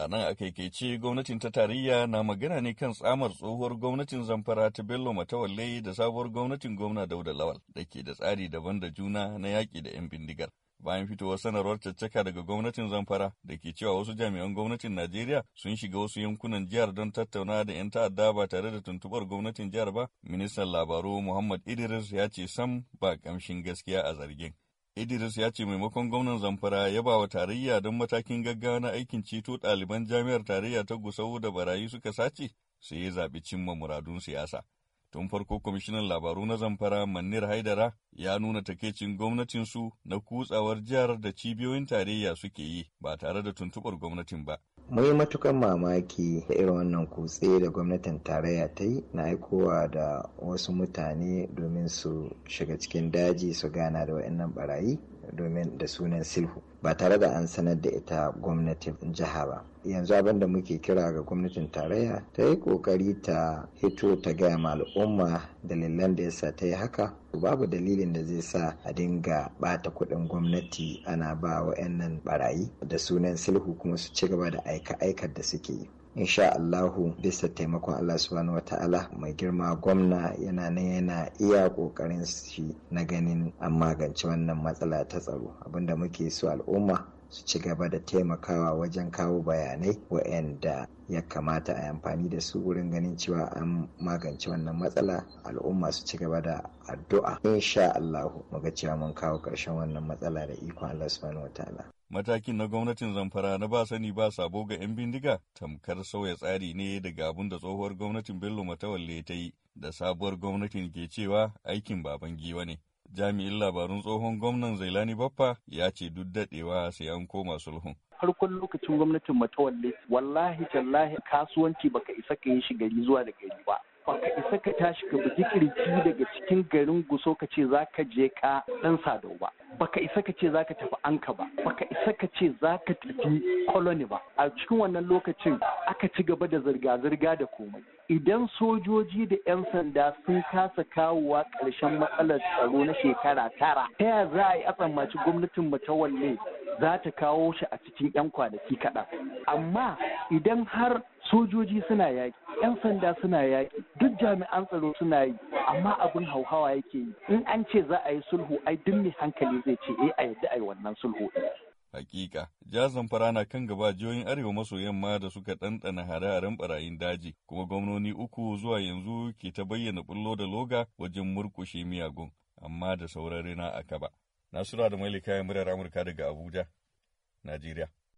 A nan a gwamnatin ta tarayya na magana ne kan tsamar tsohuwar gwamnatin zamfara ta Bello Matawalle da sabuwar gwamnatin gwamna Dauda Lawal da ke da tsari daban da juna na yaƙi da 'yan bindigar. bayan fitowar sanarwar caccaka daga gwamnatin zamfara da ke cewa wasu jami'an gwamnatin najeriya sun shiga wasu yankunan jihar don tattauna da 'yan ta'adda ba tare da tuntubar gwamnatin jihar ba ministan labaru muhammad idris ya ce sam ba kamshin gaskiya a zargin Idris ya ce maimakon gwamnan Zamfara ya ba wa tarayya don matakin gaggawa na aikin ceto ɗaliban jami'ar tarayya ta Gusau da barayi suka sace sai ya zaɓi cimma muradun siyasa. Tun farko kwamishinan labaru na Zamfara Manir Haidara ya nuna takecin gwamnatinsu na kutsawar jihar da cibiyoyin tarayya suke yi ba tare da tuntuɓar gwamnatin ba. mai matukan mamaki da irin wannan kutse da gwamnatin tarayya ta yi na aikowa da wasu mutane domin su shiga cikin daji su gana da wa'annan barayi domin da sunan silhu ba tare da an sanar da ita gwamnatin jiha ba yanzu abinda muke kira ga gwamnatin tarayya ta yi kokari ta hito ta gaya ma al'umma dalilan da yasa ta yi haka babu dalilin da zai sa a dinga bata kuɗin gwamnati ana ba wa barayi da sunan silhu kuma su ci gaba da aika aikar da suke yi insha Allahu bisa taimakon Allah subhanahu wa ta'ala mai girma gwamna yana nan yana iya kokarin shi na ganin an magance wannan matsala ta tsaro abinda muke so al'umma su ci gaba da taimakawa wajen kawo bayanai wa'anda ya kamata a amfani da su wurin ganin cewa an magance wannan matsala al'umma su ci gaba da addu'a insha Allahu mu ga cewa mun kawo ƙarshen wannan matsala da ikon Allah subhanahu wataala Matakin na gwamnatin Zamfara na ba sani ba sabo ga 'yan bindiga tamkar sauya tsari ne daga abin da tsohuwar gwamnatin Bello Matawalle ta yi da sabuwar gwamnatin ke cewa aikin baban giwa ne. Jami'in labarun tsohon gwamnan Zailani Baffa ya ce duk daɗewa sai an koma sulhun. farkon lokacin gwamnatin matawalle wallahi tallahi kasuwanci baka isa ka yi shi gari zuwa da gari ba ka isa ka tashi ka bugi kirji daga cikin garin guso ka ce za ka je ka dan sadau ba baka isa ka ce za ka tafi anka ba baka isa ka ce za ka tafi koloni ba a cikin wannan lokacin aka ci gaba da zirga-zirga da komai idan sojoji da 'yan sanda sun kasa kawowa ƙarshen matsalar tsaro na shekara tara ta ya za a yi a tsammaci gwamnatin matawalle za ta kawo shi a cikin 'yan kwanaki kaɗan amma idan har sojoji suna yaƙi 'yan sanda suna yaƙi duk jami'an tsaro suna yi amma abin hauhawa yake yi in an ce za a yi sulhu ai duk mai hankali zai ce eh a yadda a yi wannan sulhu Hakika, Ja-zamfara na kan gaba jihohin arewa maso yamma da suka ɗanɗana hare-haren barayin daji, kuma gwamnoni uku zuwa yanzu ke ta bayyana bullo da loga wajen murkushe miyagun, amma da saurari na a Na Nasura da Malika ya murar Amurka daga Abuja, Najeriya.